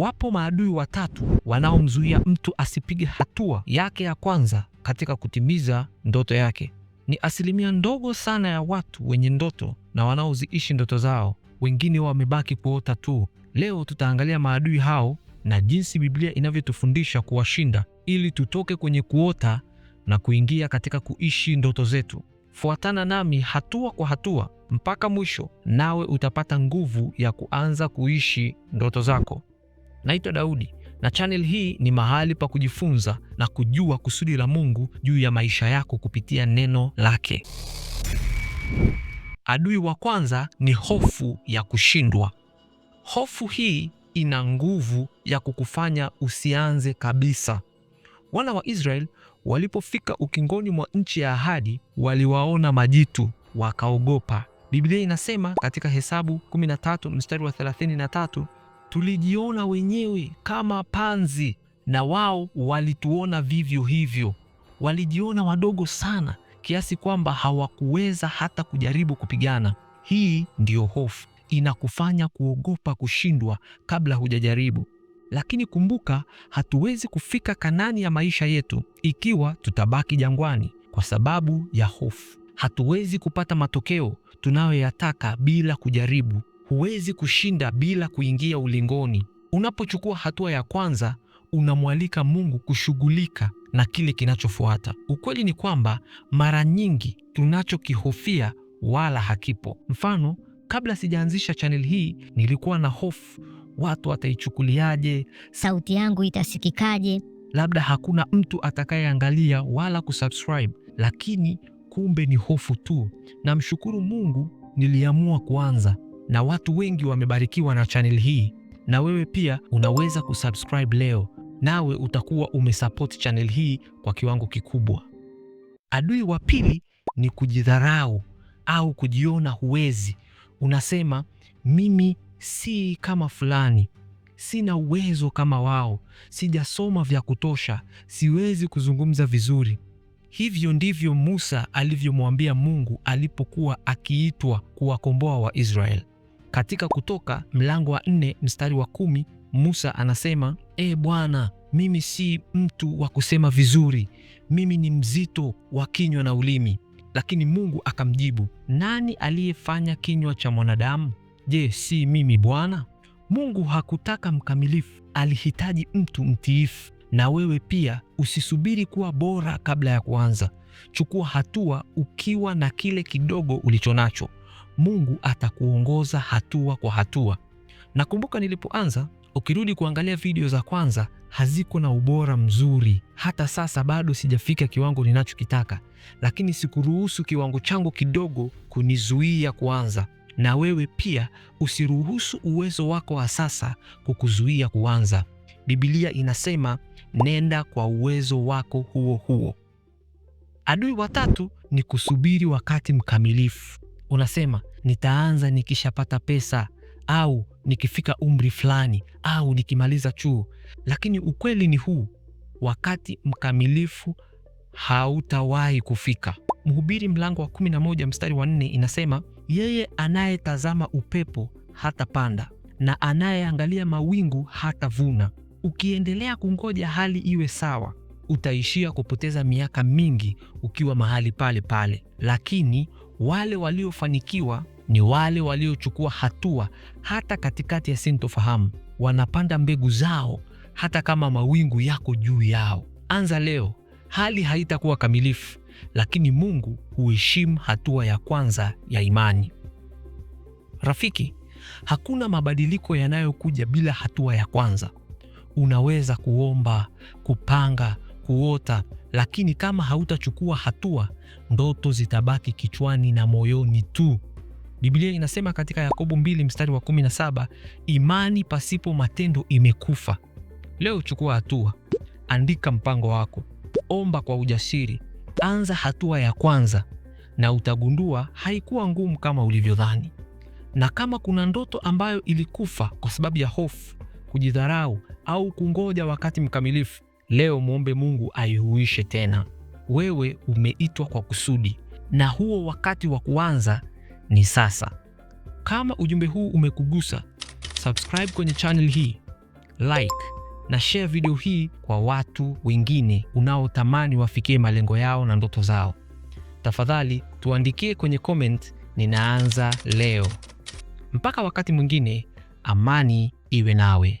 Wapo maadui watatu wanaomzuia mtu asipige hatua yake ya kwanza katika kutimiza ndoto yake. Ni asilimia ndogo sana ya watu wenye ndoto na wanaoziishi ndoto zao, wengine wamebaki kuota tu. Leo tutaangalia maadui hao na jinsi Biblia inavyotufundisha kuwashinda ili tutoke kwenye kuota na kuingia katika kuishi ndoto zetu. Fuatana nami hatua kwa hatua mpaka mwisho, nawe utapata nguvu ya kuanza kuishi ndoto zako. Naitwa Daudi na channel hii ni mahali pa kujifunza na kujua kusudi la Mungu juu ya maisha yako kupitia neno lake. Adui wa kwanza ni hofu ya kushindwa. Hofu hii ina nguvu ya kukufanya usianze kabisa. Wana wa Israeli walipofika ukingoni mwa nchi ya ahadi, waliwaona majitu wakaogopa. Biblia inasema katika Hesabu 13 mstari wa 33 tulijiona wenyewe kama panzi, na wao walituona vivyo hivyo. Walijiona wadogo sana kiasi kwamba hawakuweza hata kujaribu kupigana. Hii ndiyo hofu, inakufanya kuogopa kushindwa kabla hujajaribu. Lakini kumbuka, hatuwezi kufika Kanani ya maisha yetu ikiwa tutabaki jangwani kwa sababu ya hofu. Hatuwezi kupata matokeo tunayoyataka bila kujaribu huwezi kushinda bila kuingia ulingoni. Unapochukua hatua ya kwanza, unamwalika Mungu kushughulika na kile kinachofuata. Ukweli ni kwamba mara nyingi tunachokihofia wala hakipo. Mfano, kabla sijaanzisha chaneli hii nilikuwa na hofu, watu wataichukuliaje? Sauti yangu itasikikaje? Labda hakuna mtu atakayeangalia wala kusubscribe. Lakini kumbe ni hofu tu. Namshukuru Mungu, niliamua kuanza na watu wengi wamebarikiwa na channel hii, na wewe pia unaweza kusubscribe leo, nawe utakuwa umesupport channel hii kwa kiwango kikubwa. Adui wa pili ni kujidharau au kujiona huwezi. Unasema mimi si kama fulani, sina uwezo kama wao, sijasoma vya kutosha, siwezi kuzungumza vizuri. Hivyo ndivyo Musa alivyomwambia Mungu alipokuwa akiitwa kuwakomboa Waisraeli. Katika Kutoka mlango wa nne mstari wa kumi Musa anasema e Bwana, mimi si mtu wa kusema vizuri, mimi ni mzito wa kinywa na ulimi. Lakini Mungu akamjibu, nani aliyefanya kinywa cha mwanadamu? Je, si mimi Bwana? Mungu hakutaka mkamilifu, alihitaji mtu mtiifu. Na wewe pia usisubiri kuwa bora kabla ya kuanza. Chukua hatua ukiwa na kile kidogo ulicho nacho Mungu atakuongoza hatua kwa hatua. Nakumbuka nilipoanza, ukirudi kuangalia video za kwanza haziko na ubora mzuri. Hata sasa bado sijafika kiwango ninachokitaka, lakini sikuruhusu kiwango changu kidogo kunizuia kuanza. Na wewe pia usiruhusu uwezo wako wa sasa kukuzuia kuanza. Biblia inasema nenda kwa uwezo wako huo huo. Adui watatu ni kusubiri wakati mkamilifu unasema nitaanza nikishapata pesa au nikifika umri fulani au nikimaliza chuo. Lakini ukweli ni huu, wakati mkamilifu hautawahi kufika. Mhubiri mlango wa 11 mstari wa 4 inasema, yeye anayetazama upepo hatapanda na anayeangalia mawingu hatavuna. Ukiendelea kungoja hali iwe sawa, utaishia kupoteza miaka mingi ukiwa mahali pale pale, lakini wale waliofanikiwa ni wale waliochukua hatua hata katikati ya sintofahamu, wanapanda mbegu zao hata kama mawingu yako juu yao. Anza leo. Hali haitakuwa kamilifu, lakini Mungu huheshimu hatua ya kwanza ya imani. Rafiki, hakuna mabadiliko yanayokuja bila hatua ya kwanza. Unaweza kuomba, kupanga kuota, lakini kama hautachukua hatua, ndoto zitabaki kichwani na moyoni tu. Biblia inasema katika Yakobo 2 mstari wa 17, imani pasipo matendo imekufa. Leo chukua hatua, andika mpango wako, omba kwa ujasiri, anza hatua ya kwanza, na utagundua haikuwa ngumu kama ulivyodhani. Na kama kuna ndoto ambayo ilikufa kwa sababu ya hofu, kujidharau au kungoja wakati mkamilifu, Leo mwombe Mungu aihuishe tena. Wewe umeitwa kwa kusudi, na huo wakati wa kuanza ni sasa. Kama ujumbe huu umekugusa, subscribe kwenye channel hii, like na share video hii kwa watu wengine unaotamani wafikie malengo yao na ndoto zao. Tafadhali tuandikie kwenye comment, ninaanza leo. Mpaka wakati mwingine, amani iwe nawe.